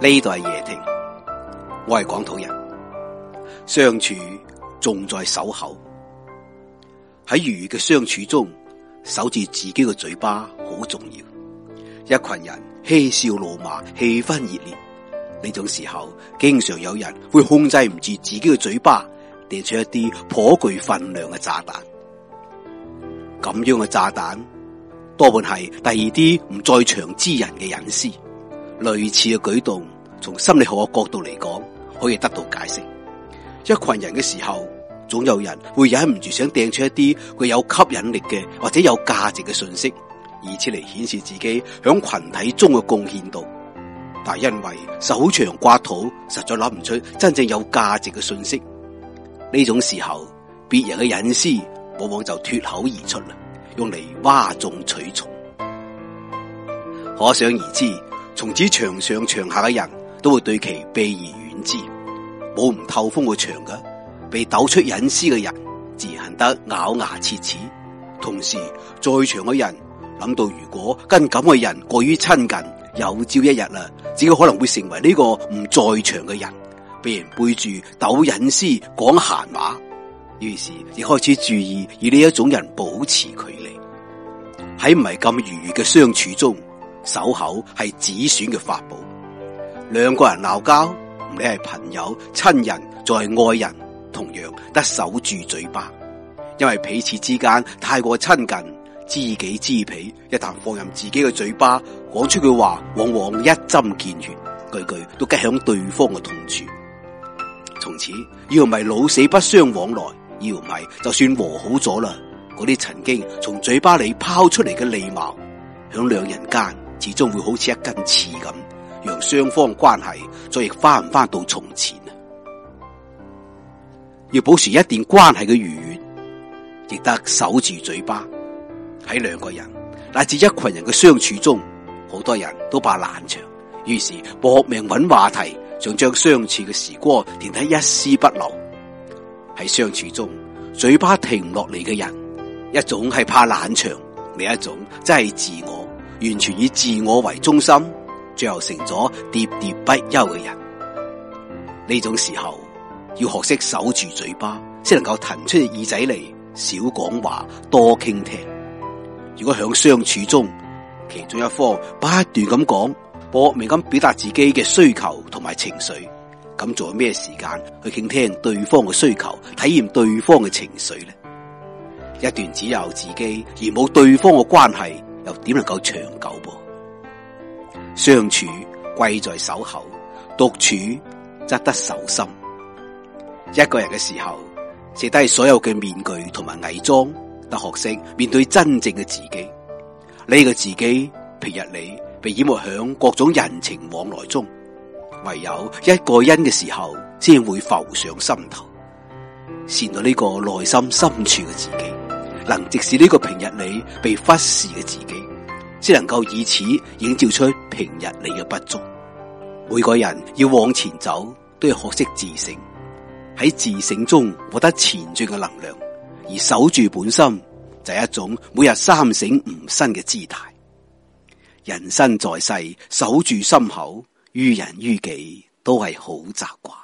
呢度係夜聽，我係廣土人。相處仲在守口，喺如嘅相處中，守住自己嘅嘴巴好重要。一群人嬉笑怒罵，氣氛熱烈。呢種時候，經常有人會控制唔住自己嘅嘴巴，掟出一啲頗具分量嘅炸彈。咁樣嘅炸彈，多半係第二啲唔在場之人嘅隱私。類似嘅舉動，從心理學嘅角度嚟講，可以得到解釋。一群人嘅時候，總有人會忍唔住想掟出一啲具有吸引力嘅或者有價值嘅信息，以此嚟顯示自己響群體中嘅貢獻度。但因為搜腸刮肚，實在諗唔出真正有價值嘅信息。呢種時候，別人嘅隱私往往就脫口而出啦，用嚟嘩眾取寵。可想而知。從此長長，場上場下嘅人都會對其避而遠之，冇唔透風嘅牆㗎。被抖出隱私嘅人，自行得咬牙切齒。同時，在場嘅人諗到如果跟咁嘅人過於親近，有朝一日啦，自己可能會成為呢個唔在場嘅人，被人背住抖隱私、講閒話。於是，亦開始注意與呢一種人保持距離。喺唔係咁愉悦嘅相處中。守口係止損嘅法寶。兩個人鬧交，唔理係朋友、親人，再係愛人，同樣得守住嘴巴，因為彼此之間太過親近，知己知彼，一旦放入自己嘅嘴巴講出句話，往往一針見血，句句都拮響對方嘅痛處。從此，要唔係老死不相往來，要唔係就算和好咗啦，嗰啲曾經從嘴巴裏拋出嚟嘅禮貌，響兩人間。始終會好似一根刺咁，讓雙方關係再亦翻唔翻到從前啊！要保持一段關係嘅愉悦，亦得守住嘴巴。喺兩個人乃至一群人嘅相處中，好多人都怕冷場，於是搏命搵話題，想將相處嘅時光填喺一絲不留。喺相處中，嘴巴停唔落嚟嘅人，一種係怕冷場，另一種即係自我。完全以自我為中心，最後成咗喋喋不休嘅人。呢種時候要學識守住嘴巴，先能夠騰出隻耳仔嚟，少講話，多傾聽。如果響相處中，其中一方不斷咁講，搏命咁表達自己嘅需求同埋情緒，咁仲有咩時間去傾聽對方嘅需求、體驗對方嘅情緒呢？一段只有自己而冇對方嘅關係。又點能夠長久噃？相處貴在守候，獨處則得守心。一個人嘅時候，卸低所有嘅面具同埋偽裝，得學識面對真正嘅自己。呢個自己平日裏被掩沒響各種人情往來中，唯有一個人嘅時候，先會浮上心頭，善待呢個內心深處嘅自己。能直視呢個平日你被忽視嘅自己，先能夠以此映照出平日你嘅不足。每個人要往前走，都要學識自省，喺自省中獲得前進嘅能量，而守住本心就係一種每日三省吾身嘅姿態。人生在世，守住心口，於人於己都係好習慣。